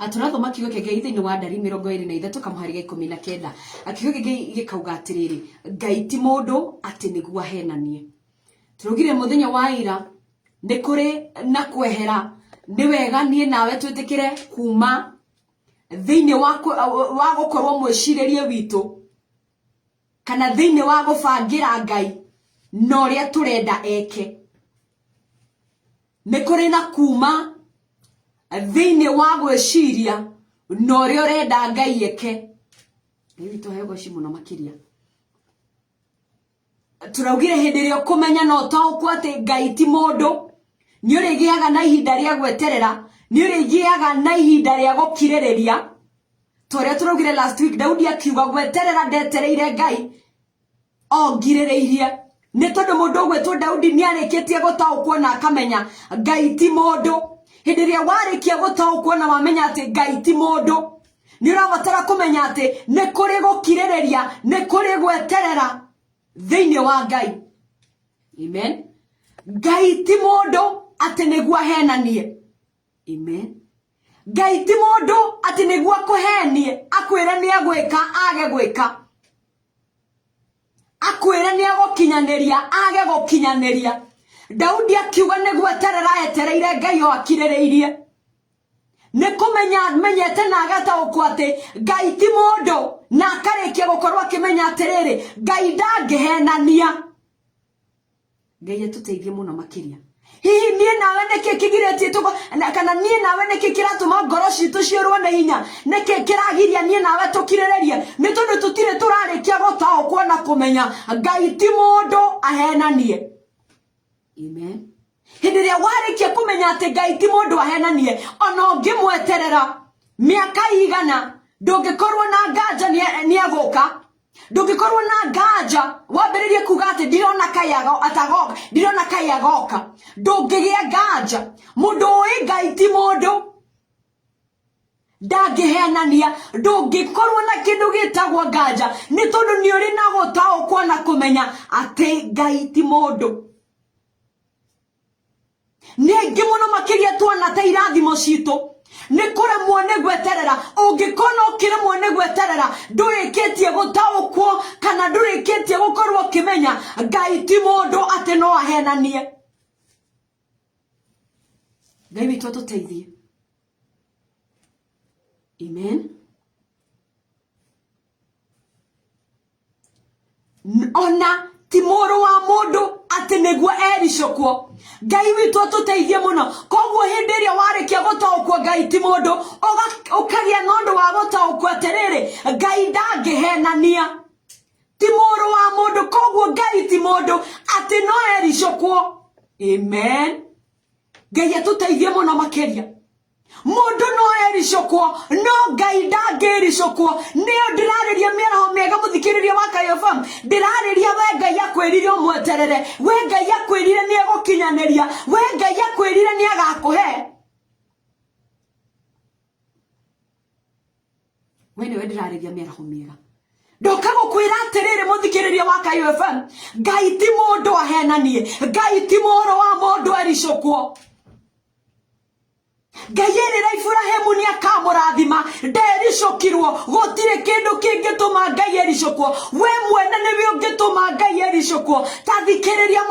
aturathoma kiugo kĩngĩ thĩinĩ wa ndari mĩrongo ĩrĩ na ithatũ kamũhari ga ikũmi na kenda kiugo kĩngĩ gĩkauga atĩrĩrĩ ngai ti mũndũ atĩ nĩguo ahenanie tũraugire mũthenya wa ira nĩ kũrĩ na kwehera ni wega nie nawe twitikire kuma thĩinĩ wa gũkorwo mwĩcirĩrie witũ kana thĩinĩ wa gũbangĩra ngai na ũrĩa turenda eke nĩ kũrĩ na kuma thini wa gwiciria no ri urenda ngai eke ritu hego shi muno makiria turaugire hindi ria kumenya no taukwo ati ngai ti mundu ni urigiaga na ihinda ria gweterera ni urigiaga na ihinda ria gukiririria turia turaugire last week daudi akiuga gweterera ndetereire ngai ongirĩrĩirie nĩ tondũ mũndũ ũgwĩtwo daudi nĩ arĩkĩtie gũtaũkwo na akamenya ngai ti mũndũ hindi ria warikia gutaukwo na wamenya ati ngai ti mundu ni urabatara kumenya ati ni kuri gukiririria ni kuri gweterera thiini wa ngai amen ngai ti mundu ati niguo ahenanie amen ngai ti mundu ati niguo akuhenie akwire ni agwika age gwika akwire ni agukinyaniria age gukinyaniria daudi akiuga nä gweterera etereire ngai o akirä nä kå menya menyete na agataåkwo atä ngai ti må ndå na akarä kia gå korwo akä menya atä rä rä ngai ndangähenania ngai atå teithie må hihi niä nawe nä kana niä nawe nä kä kä ratå ma ngoro citå ciårwo nä hinya nä kä kä ragiria niä nawe tå kirä rä rie nä tondå tå tirä tå rarä kia na kå menya ngai ti må ndå ahenanie amen hindi ria warikie kumenya ati ngai ti mundu ahenanie ona ungimweterera miaka igana ndungikorwo na nganja nieguka ndungikorwo na nganja wambiririe kuga ati ndirona kai atagoka ndirona kai agoka ndungigia nganja mundu ui ngai ti mundu ndangiheanania ndungikorwo na kindu gitagwo nganja ni tondu ni uri na gutaukwo na kumenya ati ngai ti mundu kaingä må no makä twana ta irathimo citå nä kå remwo nä gweterera å ngä kona å kä remwo nä gweterera ndå rä kä tie gå taåkwo kana ndå rä kä tie gå korwo å kä menya ngai ti må ndå atä no ahenanie ngai witå atå teithie amen ona ti muru wa mundu ati niguo ericokwo ngai witå tåteithie må no koguo hä ndä ä rä a warä kia gå taåkwo ngai ti må ndå å kagä na å ndå wa gå taåkwo atä rä rä ngai ndangä henania ti må rå wa må ndå koguo ngai ti må ndå atä no ericokwo amen ngai atå teithie må no makä mundu no ericukwo no ngai ndangiricukwo nio ndirariria miaraho miega muthikiriria wa Kayo FM ndirariria we ngai akwirire umweterere we ngai akwirire ni egukinyaniria we ngai akwirire ni agakuhe we niwe ndirariria miaraho miega ndoka gukwira atiriri muthikiriria wa Kayo ngai ti mundu ahenanie ngai ti moro wa mundu ericukwo ngai erira iburahemu ni akamurathima ndericukirwo gutire kindu kingituma ngai ericukwo we mwene niwe ungituma ngai ericukwo ta thikiriria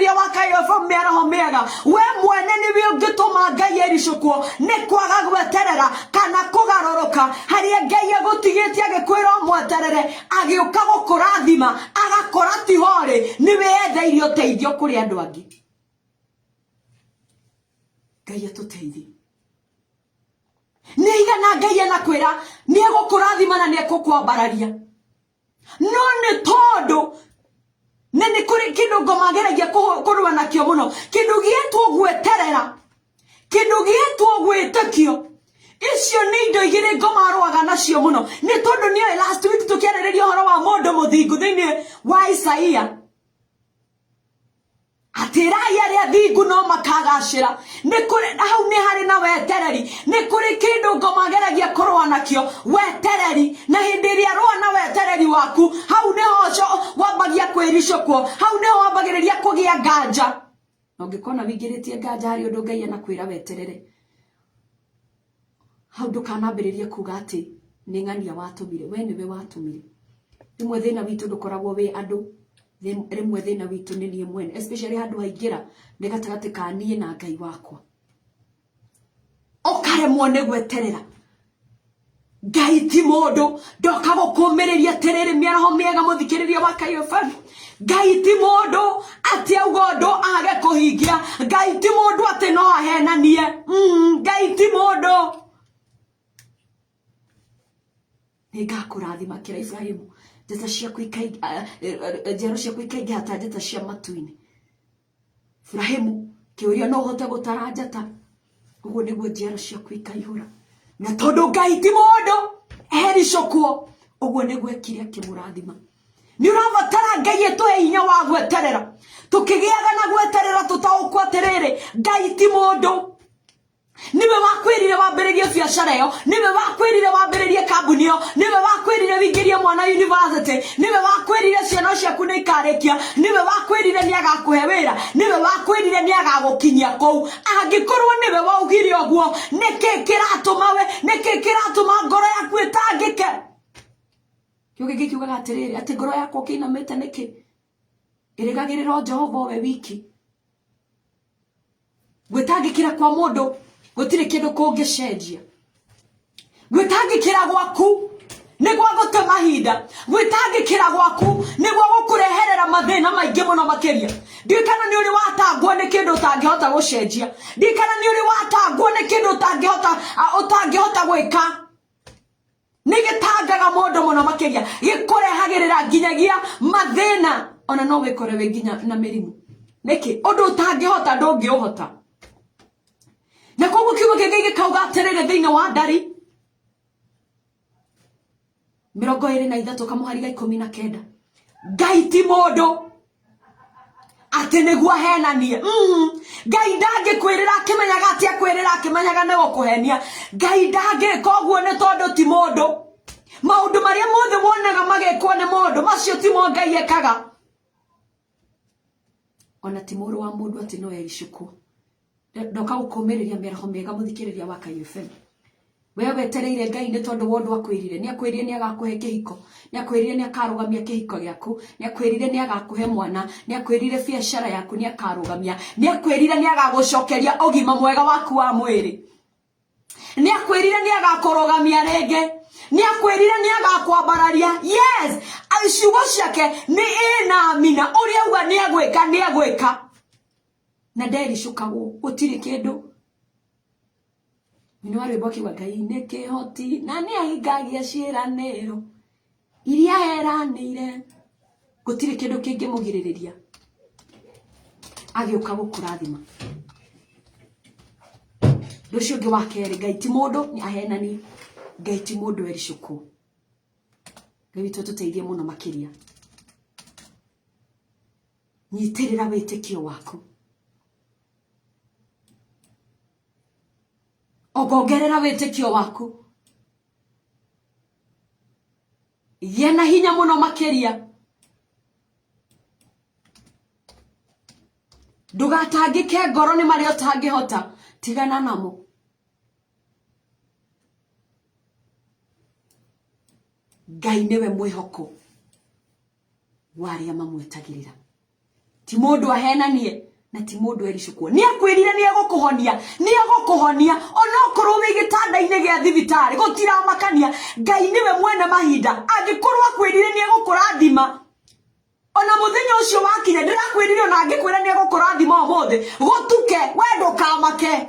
ria wa kayobo mĩaraho mĩega we mwene niwe ungituma ngai ericukwo ni kwaga gweterera kana kugaroroka haria ngai egutigĩtie agĩkwĩra ũmweterere agĩũka gũkũrathima agakora tihorĩ niwe etheirie ũteithio kũrĩ andũ angĩ ngai atũteithie ngai anakwira ni egukurathima na ni ekukwambararia no ni tondu ni ni kuri kindu ngomageragia kurwa nakio muno kindu gietwo gweterera kindu gietwo gwitikio icio nä indo igä rä ngomarwaga nacio må no nä tondå nä oä last week tå kä arä rä ria å horo wa må ndå må thingu thä inä wa isaia atiraia ria thingu no makagacira ni kuri hau ni hari na wetereri ni kuri kindu ngomageragia kurwa nakio wetereri na hindi ria roa na wetereri waku hau ni hoco wambagia kwirisho kuo hau ni ho wambagiriria kugia nganja na ũngĩkona wĩingĩrĩtie nganja hari ũndũ Ngai anakwĩra weterere hau ndũkanambĩrĩrie kuuga atĩ nĩ ng'ania watũmire we nĩwe watũmire rĩmwe thĩna witũ ndũkoragwo wĩ andũ rimwe thina witu ni nie mwene especially handu aingira ni gatagati ka nie na ngai wakwa ukaremwo ni gweterera ngai ti mundu ndoka gukumiriria atiriri miaraho miega muthikiriria wa KFM ngai ti mundu ati auga undu age kuhingia ngai ti mundu ati no ahenanie ngai ti mundu ningakurathima kira Ibrahimu Njata ciaku njerũ ciaku ikaingĩha ta njata cia matu-inĩ Burahimu kĩũria no ũhote gũtara njata ũguo nĩguo njerũ ciaku ikaihũra na tondũ Ngai ti mũndũ ehericũkwo ũguo nĩguo ekire akĩmũrathima nĩ ũrabatara ngai ĩtũhe hinya wa gweterera tũkĩgĩaga na gweterera tũtaũkwo atĩrĩrĩ ngai ti mũndũ niwe wakwirire wambiririe biacara iyo niwe wakwirire wambiririe kambuni iyo niwe wakwirire wingirie mwana university niwe wakwirire ciana ciaku ni ikarikia niwe wakwirire ni agakuhe wira niwe wakwirire ni agagukinyia kou angikorwo niwe waugire uguo niki kiratuma we niki kiratuma ngoro yaku itangike kiugo giki kiugaga atiriri ati ngoro yakwa kiinamite niki irigagirira jehova we wiki gwitangikira kwa mundu gutire kindu kungicenjia gwitangikira gwaku nigwa gute mahinda gwitangikira gwaku nigwa gukureherera mathina maingi muno makiria ndirikana ni uri watangwo ni kindu utangihota gucenjia ndirikana ni uri watangwo ni kindu utangihota utangihota gwika ni gitangaga mundu muno makiria gikurehagirira nginyagia mathina ona no wikore korewe nginya na mirimu niki undu utangihota ndungiuhota na gĩkũngũ kiugo kĩngĩ gĩkauga atĩrĩrĩ thĩinĩ wa ndari mĩrongo ĩrĩ na ithatũ kamũhari ga ikũmi na kenda ngai ti mũndũ atĩ nĩguo henanie mm-hmm. ngai ndangĩkwĩrĩra akĩmenyaga atĩ ekwĩrĩra akĩmenyaga nĩ gũkũhenia ngai ndangĩka ũguo nĩ tondũ ti mũndũ maũndũ marĩa mothe wonaga magĩkwo nĩ mũndũ macio timo ngai ekaga ona ti mũrũ wa mũndũ atĩ no ericũkwo ndoka gukumiriria meroho mega muthikiriria wa Kayu FM wewe wetereire ngai nä tondå wa å ndå akwärire nä akwärire nä agakå he kä hiko nä akwärire nä akarå kä hiko gä aku nä akwärire nä agakå mwana nä akwärire biacara yaku ni akarå gamia nä akwärire nä agagå cokeria å gima mwega waku wa mwä nä akwärire nä agakå rå gamia rä ni akwärire nä agakwambararia yes ciugo ciake ni ä mina å uga ni nä agwä ka nä agwä na ndericukagwo gutire kindu mwini wa rwimbo akiuga ngai ni kihoti na ni ahingagia ciiraniro iria eranire gutire kindu kingimugiriria agiuka gukurathima nducio ngi wa keri ngai ti mundu ni ahenani ngai ti mundu ericuku ngai witu tuteithie muno makiria nyitirira witikio waku ogongerera wĩtĩkio waku gĩa na hinya mũno makĩria ndũgatangĩke ngoro nĩ marĩa ũtangĩhota tigana namo ngai nĩwe mwĩhoko wa arĩa mamwetagĩrĩra ti mũndũ ahenanie na ti mundu ericukwo ni akwirire ni egukuhonia ni egukuhonia ona okorwo gä a thibitarä gå tiramakania ngai we mwene mahinda angikorwo akwirire ni thima ona muthenya ucio wakinya ndirakwirire ona angikwira ni egukurathima umuthi gutuke we kamake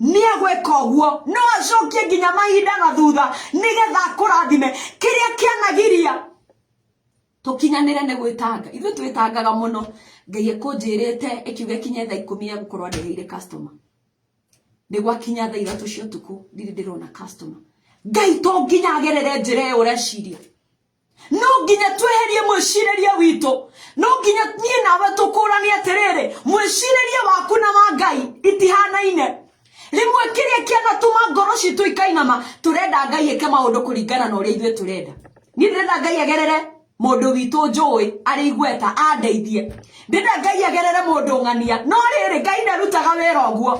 ni egweka guo no acokie nginya mahinda na thutha nigetha a kiria kianagiria tukinyanire ni gwitanga ithu twitangaga muno ngai ekunjirite ikiuga kinye thaa ikumi egũkorwo ndeheire customer nĩ gwakinya thaa ithatũ cia ũtukũ ndirĩ ndĩrona customer ngai to nginya agerere njĩra ĩyo ũreciria no nginya tweherie mwĩcirĩrie witũ no nginya niĩ nawe tũkũrani atĩrĩrĩ mwĩcirĩrie waku na wa ngai itihanaine rĩmwe kĩrĩa kĩanatũma ngoro citũ ikainama tũrenda ngai ĩke maũndũ kũringana na ũrĩa ithuĩ tũrenda niĩ ndĩrenda ngai agerere mundu witu njui ari gweta andeithie ndenda ngai agerere mundu ngania no riri ngai ndarutaga wira oguo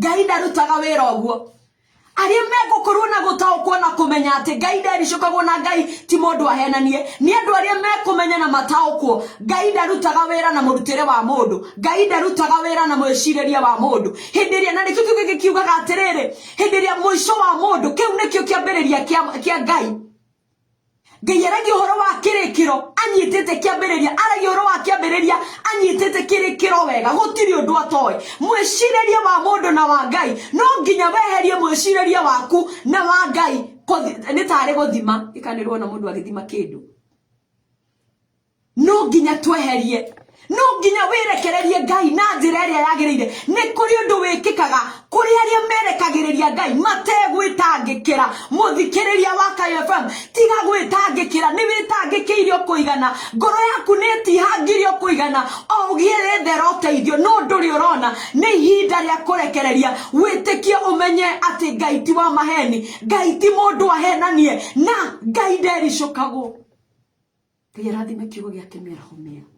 ngai ndarutaga wira oguo aria megukorwo na gutaukwo na kumenya ati ngai ndericukagwo na ngai ti mundu ahenanie ni andu aria mekumenya na mataukwo ngai ndarutaga wira na murutire wa mundu ngai ndarutaga wira na mwiciriria wa mundu hindi iria na nikio kiu gikikiugaga atiriri hindi iria muico wa mundu kiu nikio kiambiriria kia ngai kia, kia ngai aragia horo wa ambä rä ria aragia horo wa rä kä ro wega å ndå atoe ria wa ndå na wa ngai no nginya weherie ria waku na wa ngai nä tarä gå thima ikanä rwo na må ndå agä thima kä ndå no nginya tweherie no nginya wirekererie ngai na njira iria yagirire ni kuri undu wikikaga kuri aria merekagiriria ngai mategwitangikira muthikiriria wa Kayo FM tiga gwitangikira ni witangikire kuigana ngoro yaku ni tihangire kuigana o ugiere thera uteithio no nduri urona ni ihinda ria kurekereria witikie umenye ati ngai ti wa maheni ngai ti mundu ahenanie na ngai ndericukagwo ngai arathime kiugo giake mĩaraho mĩega